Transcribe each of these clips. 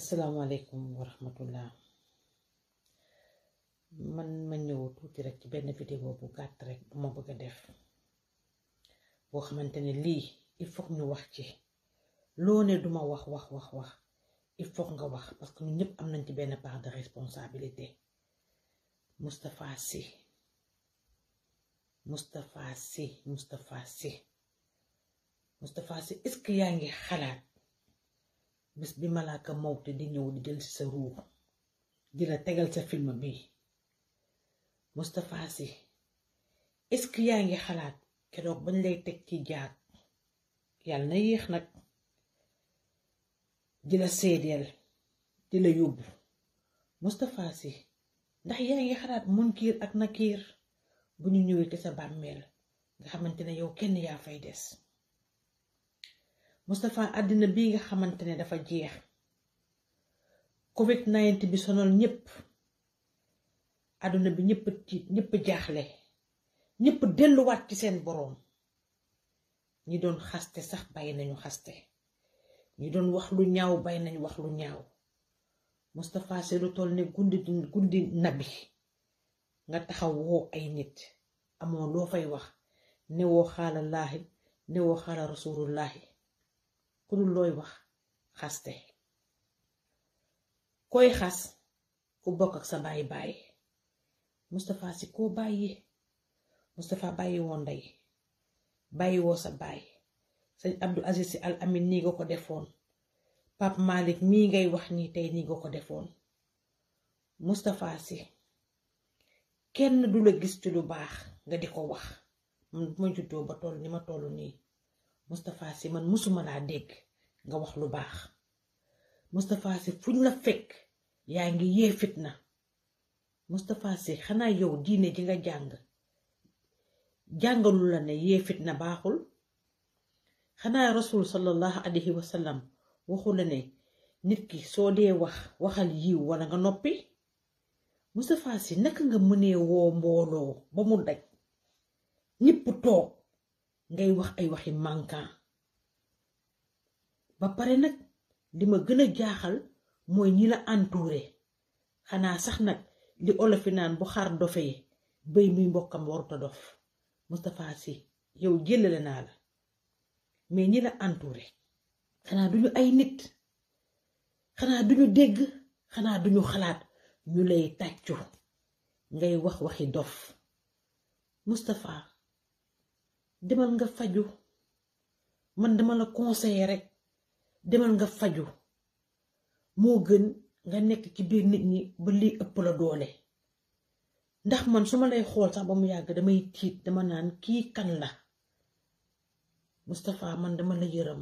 asalaamaaleykum wa rahmatullah man ma ñëw tuuti rek ci benn vidéo bu gàtt rek bu ma bëgg a def boo xamante ne lii il faut ñu wax ci loo ne duma wax wax wax wax il faut nga wax parce que ñépp am nañ ci benn part de responsabilité Moustapha Sy Moustapha Sy Moustapha Sy Moustapha yaa ngi xalaat. bis bi malaaka te di ñëw di jël ci sa ruux di la tegal sa film bi Moustapha Sy est-ce yaa ngi xalaat keroog bañ lay teg ci jaat yàlla na yéex nag di la seedeel di la yóbbu Moustapha Sy ndax yaa ngi xalaat Munkar ak na kiir bu ñu ñëwee ci sa bàmmeel nga xamante ne yow kenn yaa fay des Moustapha àddina bii nga xamante ne dafa jeex covid-19 bi sonal ñëpp àdduna bi ñëpp ñëpp jaaxle ñëpp delluwaat ci seen boroom ñi doon xaste sax bàyyi nañu xaste ñi doon wax lu ñaaw bàyyi nañu wax lu ñaaw Moustapha Sy lu toll ne guddi guddi nabi nga taxaw woo ay nit amoo loo fay wax newoo woo xaala laahi ne woo xaala rasulullahi ku looy wax xaste koy xas ku bokk ak sa bàyyi bàyyi Moustapha si koo bàyyi Moustapha bàyyi woo ndey bàyyi woo sa baay sëñ Abdou Aziz ci Al nii nga ko defoon Pape Malick mii ngay wax nii tey nii nga ko defoon Moustapha si kenn du la gis ci lu baax nga di ko wax man bu juddoo ba toll ni ma toll nii Moustapha si man mësuma laa dégg nga wax lu baax Moustapha Sy fuñ la fekk yaa ngi yee na Moustapha si xanaa yow diine ji nga jàng jàngalu la ne yee na baaxul xanaa rasul sallallahu alayhi wa sallam waxu la ne nit ki soo dee wax waxal yiw wala nga noppi Moustapha Sy naka nga mënee woo mbooloo ba mu daj ñépp toog ngay wax ay waxi manquant ba pare nag li ma gën a jaaxal mooy ñi la entouré xanaa sax nag li olofi naan bu xar dofee béy muy mbokkam waruta dof Moustapha Sy yow jëlale naa la mais ñi la entouré xanaa duñu ay nit xanaa duñu dégg xanaa duñu xalaat ñu lay tàccu ngay wax waxi dof Moustapha demal nga faju man dama la conseiller rek demal nga faju moo gën nga nekk ci biir nit ñi ba lii ëpp la doole ndax man su ma lay xool sax ba mu yàgg damay tiit dama naan kii kan la Moustapha man dama la yërëm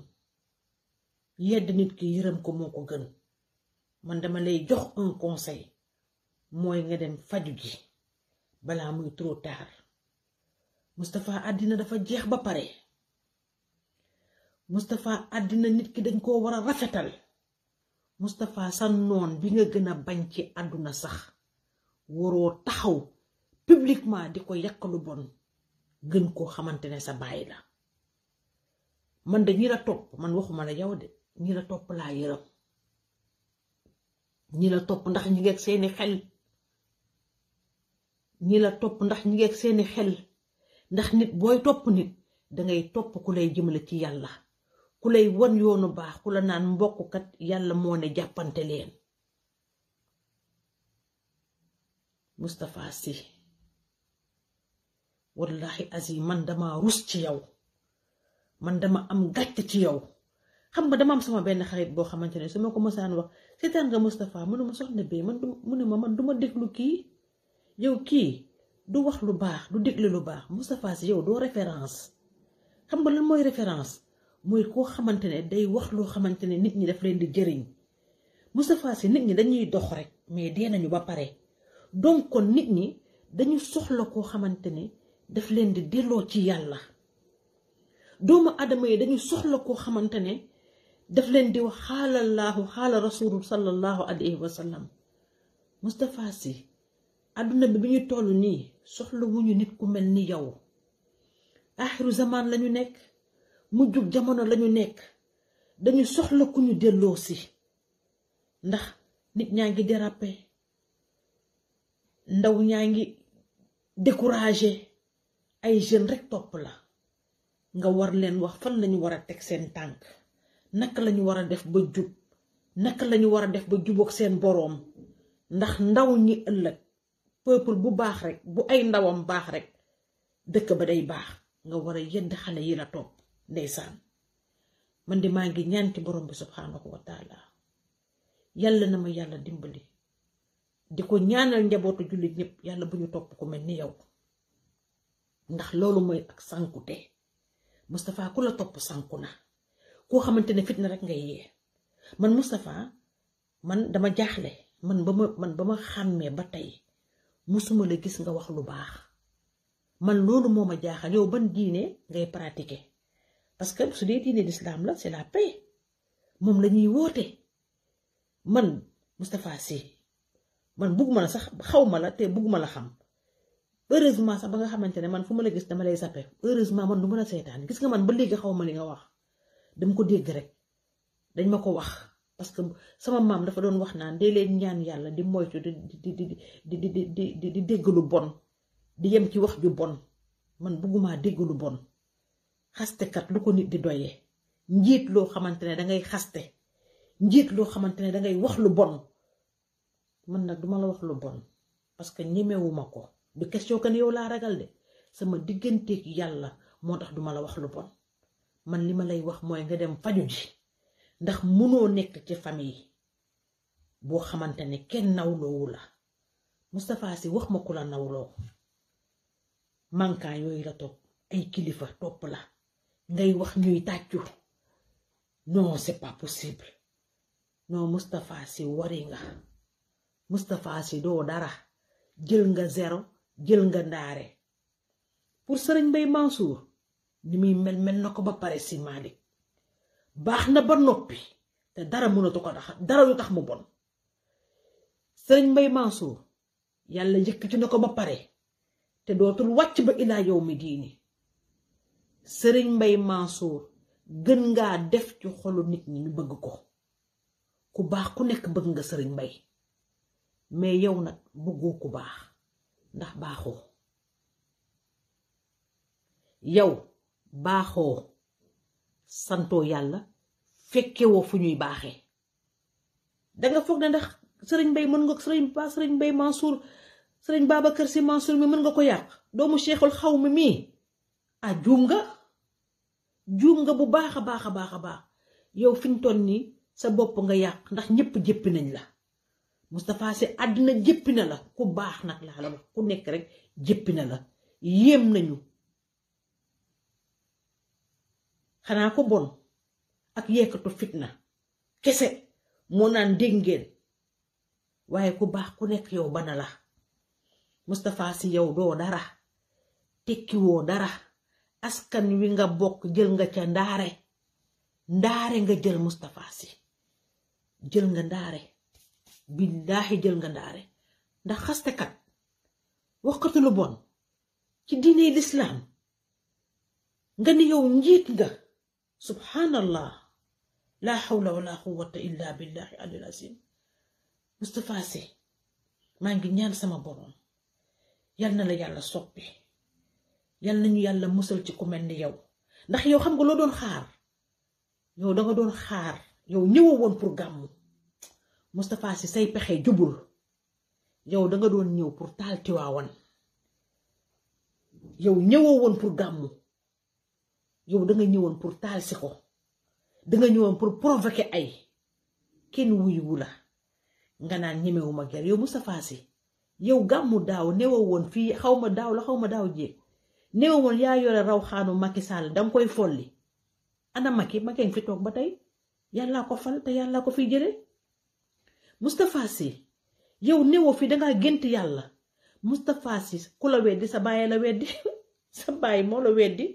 yedd nit ki yërëm ko moo ko gën man dama lay jox un conseil mooy nga dem faju ji balaa muy trop tard Moustapha àddina dafa jeex ba pare mustafa àddina nit ki dañ koo war a rafetal Moustapha sa noon bi nga gën a bañ ci àdduna sax waroo taxaw publiquement di ko yàq lu bon gën koo xamante ne sa bàyyi la man de ñi la topp man waxuma la yow de ñi la topp laa yërëm ñi la topp ndax ñi ngeeg seeni xel ñi la topp ndax ñi ngeeg seeni xel ndax nit booy topp nit dangay topp ku lay jëmale ci yàlla ku lay won yoonu baax ku la naan mbokkukat yàlla moo ne jàppante leen Moustapha Sy wallahi asi man dama rus ci yow man dama am gàcc ci yow xam nga dama am sama benn xarit boo xamante ne su ma ko mosaan wax seetaan nga Moustapha mënuma soxna bee man du mu ne ma man duma déglu kii yow kii du wax lu baax du dégle lu baax Moustapha Sy yow doo référence xam nga lan mooy référence mooy koo xamante ne day wax loo xamante ne nit ñi daf leen di jëriñ Moustapha Sy nit ñi dañuy dox rek mais dee nañu ba pare donc kon nit ñi dañu soxla koo xamante ne daf leen di delloo ci yàlla doomu adama yi dañu soxla koo xamante ne daf leen di wax xaalallaahu xaala rasulul sallallahu alayhi wa sallam àdduna bi bi ñu toll nii soxlawuñu nit ku mel ni yow axiru zaman lañu nekk mu jub jamono lañu nekk dañu soxla ku ñu delloo si ndax nit ñaa ngi déraper ndaw ñaa ngi découragé ay jeunes rek topp la nga war leen wax fan lañu war a teg seen tànk naka lañu war a def ba jub naka lañu war a def ba jubóog seen boroom ndax ndaw ñi ëllëg peuple bu baax rek bu ay ndawam baax rekk dëkk ba day baax nga war a yedd xale yi la topp ndeysaan man de maa ngi ñaanti borom bi subhaanahu wa yàlla na ma yàlla dimbali di ko ñaanal njabootu jullit ñëpp yàlla bu ñu topp ku mel ni yow ndax loolu mooy ak sankute Moustapha ku la topp sanku na koo xamante ne fitna rek ngay yee man Moustapha man dama jaaxle man ba ma man ba ma xàmmee ba tey musuma la gis nga wax lu baax man loolu moo ma jaaxal yow ban diine ngay pratiquer parce que su dee diine lislaam la c'est la paix moom la ñuy woote man Moustapha si man bugguma la sax xaw ma la te bugguma la xam heureusement sax ba nga xamante ne man fu ma la gis dama lay sappe heureusement man du mën a seetaan gis nga man ba léegi xaw ma li nga wax dama ko dégg rek dañ ma ko wax. parce que sama maam dafa doon wax naan dee leen ñaan yàlla di moytu di di di di di di dégg lu bon di yem ci wax ju bon man buggumaa dégg lu bon xastekat lu ko nit di doyee njiit loo xamante ne dangay xaste njiit loo xamante ne dangay wax lu bon man nag duma la wax lu bon parce que ñemewuma ko du question kan yow laa ragal de sama digganteeg yàlla moo tax duma la wax lu bon man li ma lay wax mooy nga dem faju ji ndax munoo nekk ci famille boo xamante ne kenn nawloowu la mustafaa si wax ma ku la nawloo mankaan yooyu la topp ay kilifa topp la ngay wax ñuy tàccu non c'est pas possible non Moustapha Sy wari nga Moustapha doo dara jël nga zéro jël nga ndaare pour sëriñ Mbay Mansour ni muy mel mel na ko ba pare si Malick baax na ba noppi te dara mënatu ko tax dara lu tax mu bon sëriñ Mbay Mansour yàlla yëkkati na ko ba pare te dootul wàcc ba ilaa yow mi diini sëriñ Mbay Mansour gën nga def ci xolu nit ñi bëgg ko ku baax ku nekk bëgg nga sëriñ Mbay mais yow nag bëggoo ku baax ndax baaxoo yow baaxoo santoo yàlla fekkewoo fu ñuy baaxee danga foog ne ndax sëriñ bay mën nga ko sëriñ Ba sëriñ Mbay Mansour sëriñ baa Babacar Si Mansour mi mën nga ko yàq doomu seexul xaw mi mii ah juum nga juum nga bu baax a baax a baax a baax yow fi ñu toll nii sa bopp nga yàq ndax ñëpp jéppi nañ la Moustapha Sy àddina jéppi na la ku baax nag laa la wax ku nekk rek jéppi na la yéem nañu xanaa ko bon ak yekkatu fitna kese moo naan dégg waaye ku baax ku nekk yow bana la Moustapha si yow doo dara tekkiwoo dara askan wi nga bokk jël nga ca ndaare ndaare nga jël Moustapha Sy jël nga ndaare billaahi jël nga ndaare ndax wax waxkatu lu bon ci diine lislaam nga ne yow njiit nga subhanallah laa hawla wala quwwata illa billahi alil azim Moustapha Sy maa ngi ñaan sama borom yal na la yàlla soppi yal nañu yàlla musal ci ku mel ni yow ndax yow xam nga loo doon xaar yow danga doon xaar yow ñëwoo woon pour gàmmu Moustapha Sy say pexe jubul yow danga doon ñëw pour taal Tiwaawan yow ñëwoo woon pour gàmmu yow danga nga ñëwoon pour taal si ko danga nga ñëwoon pour provoquer ay kenn wuyuwu la nga naan ñemewuma ger yow Moustapha si yow gàmmu daaw newa woon fii xaw ma daaw la xaw ma daaw jéeg newa woon yaa yore raw xaanu makki Sall danga koy folli ana Macky Macky ngi fi toog ba tey yàllaa ko fal te yàllaa ko fi jële Moustapha Sy yow newo fii dangaa gént yàlla Moustapha Sy ku la weddi sa bàyyi la weddi sa bàyyi moo la weddi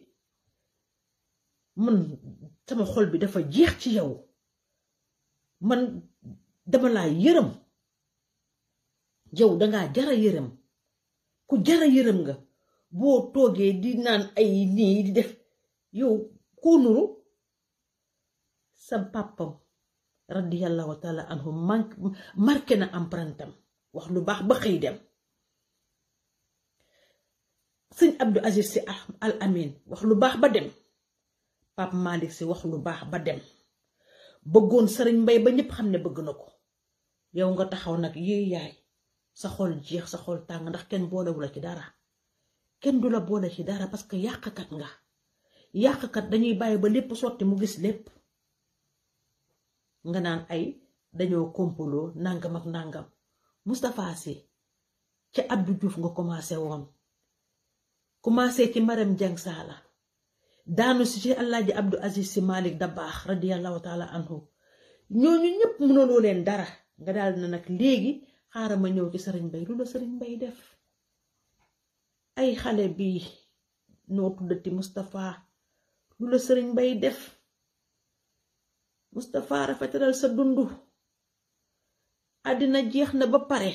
man sama xol bi dafa jeex ci yow man dama laa yërëm yow dangaa jara yërëm ku jara yërëm nga boo toogee di naan ay nii di def yow koo nuru sa pàppam radiyallahu taala anhu marqué na empreintam wax lu baax ba xëy dem sëñ Abdou Aziz Sy Al wax lu baax ba dem Pape Malick si wax lu baax ba dem bëggoon sëriñ mbay ba ñëpp xam ne bëgg na ko yow nga taxaw nag yéey yaay sa xol jeex sa xol tàng ndax kenn boolewu la ci dara kenn du la boole ci dara parce que yàqkat nga yàqkat dañuy bàyyi ba lépp sotti mu gis lépp nga naan ay dañoo kompaloo nangam ak nangam Moustapha Sy ca Abdou Diouf nga commencé woon commencé ci Marème Dieng Sala daanu si ci Alaaji abdu Aziz si Malick Dabaax radiyallahu taala anhu ñooñu ñëpp mënaloo leen dara nga daal na nag léegi xaaral ma ñëw ci sëriñ bay lu la sëriñ bay def ay xale bi noo tuddati Moustapha lu la sëriñ bay def Moustapha rafetalal sa dundu àddina jeex na ba pare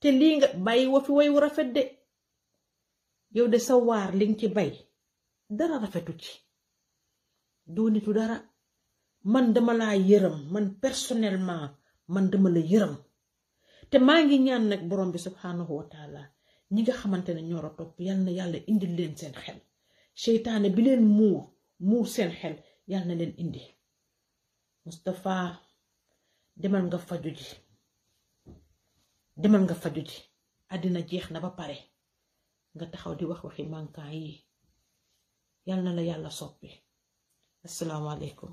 te lii nga bàyyi wa fi way wu rafet de yow de sa waar li nga ci bay dara rafetu ci doo nitu dara man dama laa yërëm man personnellement man dama la yërëm te maa ngi ñaan nag borom bi subhanahu wa taala ñi nga xamante ne ñoor topp yal na yàlla indi leen seen xel seytaane bi leen muur muur seen xel yal na leen indi Moustapha demal nga faju ji demal nga faju ji àddina jeex na ba pare nga taxaw di wax waxi mankan yi yal na la yàlla soppi asalaamaaleykum